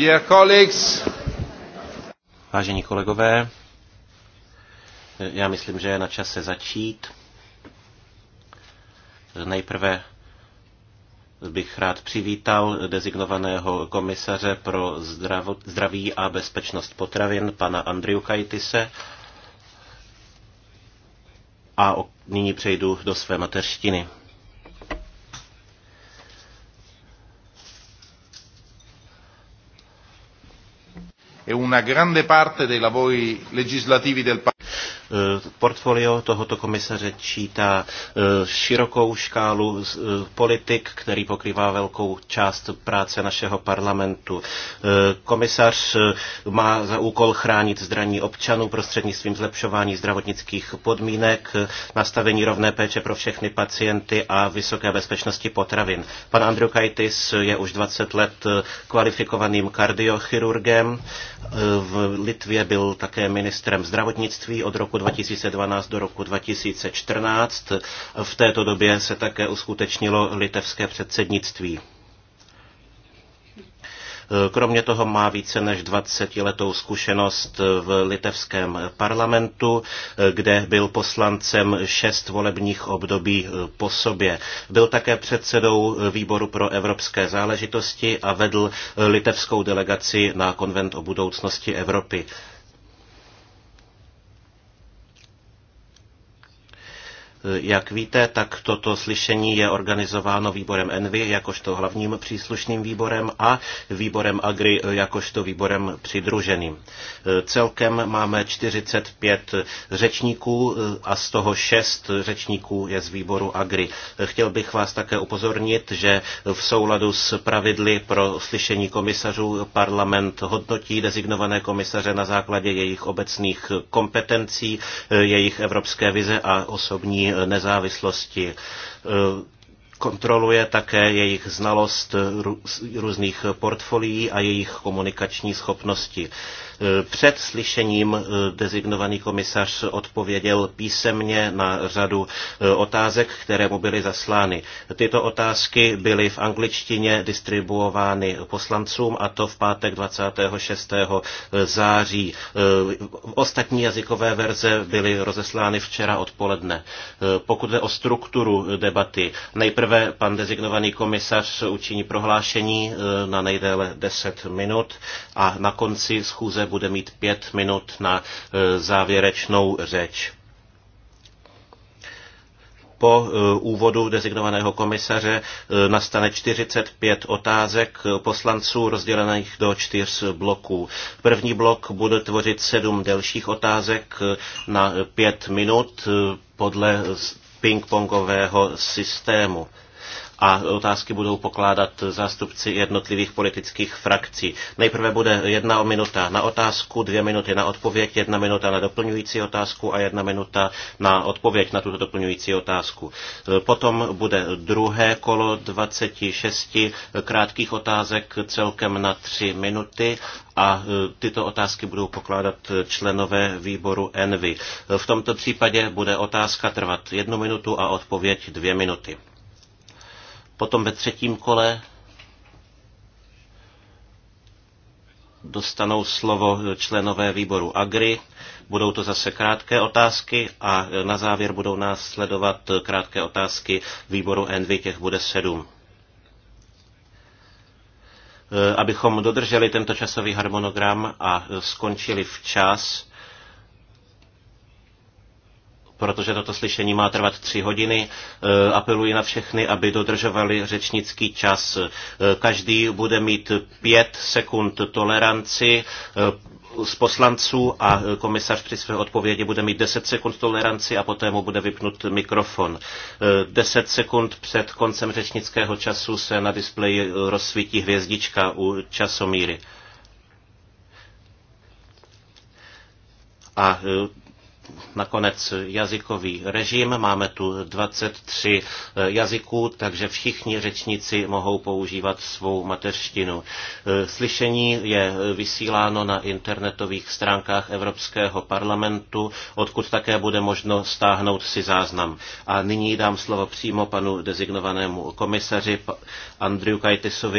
Dear colleagues. Vážení kolegové, já myslím, že je na čase začít. Nejprve bych rád přivítal dezignovaného komisaře pro zdraví a bezpečnost potravin, pana Andriu Kajtise. A nyní přejdu do své mateřštiny. e una grande parte dei lavori legislativi del Parlamento. Eh, portfolio tohoto komisaře čítá eh, širokou škálu eh, politik, který pokrývá velkou část práce našeho parlamentu. Komisař má za úkol chránit zdraní občanů prostřednictvím zlepšování zdravotnických podmínek, nastavení rovné péče pro všechny pacienty a vysoké bezpečnosti potravin. Pan Andrew Kajtis je už 20 let kvalifikovaným kardiochirurgem. V Litvě byl také ministrem zdravotnictví od roku 2012 do roku 2014. V této době se také uskutečnilo litevské předsednictví. Kromě toho má více než 20 letou zkušenost v litevském parlamentu, kde byl poslancem šest volebních období po sobě. Byl také předsedou výboru pro evropské záležitosti a vedl litevskou delegaci na konvent o budoucnosti Evropy. Jak víte, tak toto slyšení je organizováno výborem Envy jakožto hlavním příslušným výborem a výborem Agri jakožto výborem přidruženým. Celkem máme 45 řečníků eh, a z toho 6 řečníků je z výboru Agri. Chtěl bych vás také upozornit, že v souladu s pravidly pro slyšení komisařů parlament hodnotí dezignované komisaře na základě jejich obecných kompetencí, eh, jejich evropské vize a osobní nezávislosti kontroluje také jejich znalost různých portfolií a jejich komunikační schopnosti. E, před slyšením e, dezignovaný komisař odpověděl písemně na řadu e, otázek, které mu byly zaslány. Tyto otázky byly v angličtině distribuovány poslancům a to v pátek 26. září. Ostatní jazykové verze byly rozeslány včera odpoledne. Pokud jde o strukturu debaty, nejprve Nejprve pan designovaný komisař učiní prohlášení e, na nejdéle 10 minut a na konci schůze bude mít 5 minut na e, závěrečnou řeč. Po e, úvodu designovaného komisaře nastane 45 otázek poslanců rozdělených do čtyř bloků. První blok bude tvořit sedm delších otázek na pět minut podle pingpongového systému a otázky budou pokládat zástupci jednotlivých politických frakcí. Nejprve bude jedna minuta na otázku, dvě minuty na odpověď, jedna minuta na doplňující otázku a jedna minuta na odpověď na tuto doplňující otázku. Potom bude druhé kolo 26 krátkých otázek celkem na tři minuty a tyto otázky budou pokládat členové výboru Envy. V tomto případě bude otázka trvat jednu minutu a odpověď dvě minuty. Potom ve třetím kole dostanou slovo členové výboru Agri. Budou to zase krátké otázky a na závěr budou následovat krátké otázky výboru Envy, těch bude sedm. E, abychom dodrželi tento časový harmonogram a skončili včas, protože toto slyšení má trvat tři hodiny. E, apeluji na všechny, aby dodržovali řečnický čas. E, každý bude mít pět sekund toleranci e, z poslanců a komisař při své odpovědi bude mít 10 sekund toleranci a poté mu bude vypnut mikrofon. 10 sekund před koncem řečnického času se na displeji rozsvítí hvězdička u časomíry. A nakonec jazykový režim. Máme tu 23 eh, jazyků, takže všichni řečníci mohou používat svou mateřštinu. Eh, slyšení je eh, vysíláno na internetových stránkách Evropského parlamentu, odkud také bude možno stáhnout si záznam. A nyní dám slovo přímo panu dezignovanému komisaři Andriu Kajtisovi,